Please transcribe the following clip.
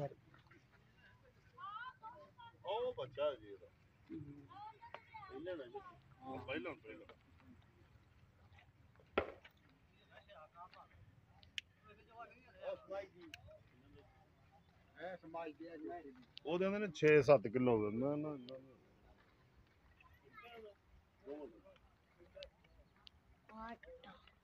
ਘਰ ਉਹ ਬੱਚਾ ਜੀ ਇਹਦਾ ਪਹਿਲਾਂ ਨਾ ਜੀ ਪਹਿਲਾਂ ਪਹਿਲਾਂ ਉਹ ਦਿੰਦੇ ਨੇ 6-7 ਕਿਲੋ ਨਾ ਨਾ ਆਟਾ